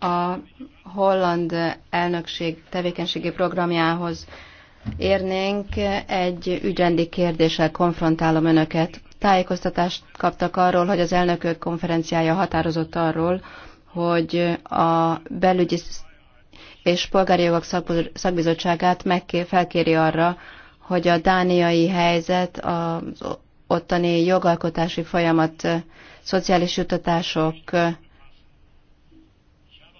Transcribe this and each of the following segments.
a holland elnökség tevékenységi programjához érnénk, egy ügyrendi kérdéssel konfrontálom önöket. Tájékoztatást kaptak arról, hogy az elnökök konferenciája határozott arról, hogy a belügyi és polgári jogok szakbizottságát felkéri arra, hogy a dániai helyzet, az ottani jogalkotási folyamat, szociális jutatások,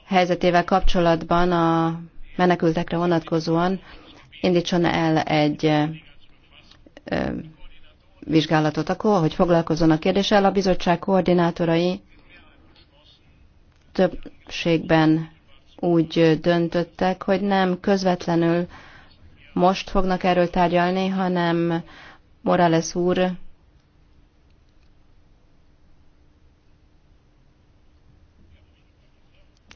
helyzetével kapcsolatban a menekültekre vonatkozóan indítson el egy vizsgálatot, akkor, hogy foglalkozzon a kérdéssel, a bizottság koordinátorai többségben úgy döntöttek, hogy nem közvetlenül most fognak erről tárgyalni, hanem Morales úr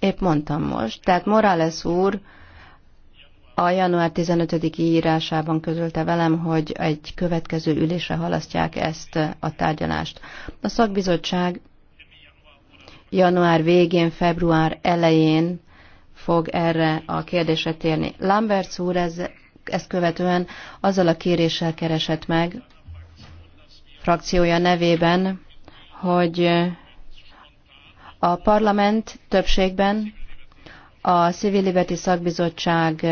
épp mondtam most. Tehát Morales úr a január 15-i írásában közölte velem, hogy egy következő ülésre halasztják ezt a tárgyalást. A szakbizottság január végén, február elején fog erre a kérdésre térni. Lamberts úr ez, ezt követően azzal a kéréssel keresett meg frakciója nevében, hogy a parlament többségben a Civil Liberty Szakbizottság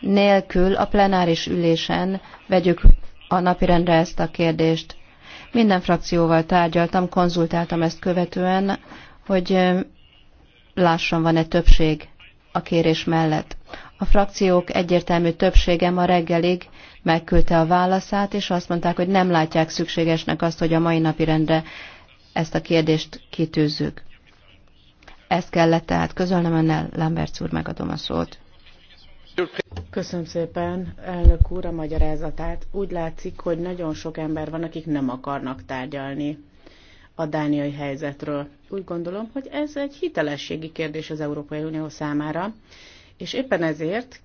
nélkül a plenáris ülésen vegyük a napirendre ezt a kérdést. Minden frakcióval tárgyaltam, konzultáltam ezt követően, hogy lássam, van-e többség a kérés mellett. A frakciók egyértelmű többsége ma reggelig megküldte a válaszát, és azt mondták, hogy nem látják szükségesnek azt, hogy a mai rendre ezt a kérdést kitűzzük. Ezt kellett tehát közölnem önnel, Lambert úr, megadom a szót. Köszönöm szépen, elnök úr, a magyarázatát. Úgy látszik, hogy nagyon sok ember van, akik nem akarnak tárgyalni a dániai helyzetről. Úgy gondolom, hogy ez egy hitelességi kérdés az Európai Unió számára, és éppen ezért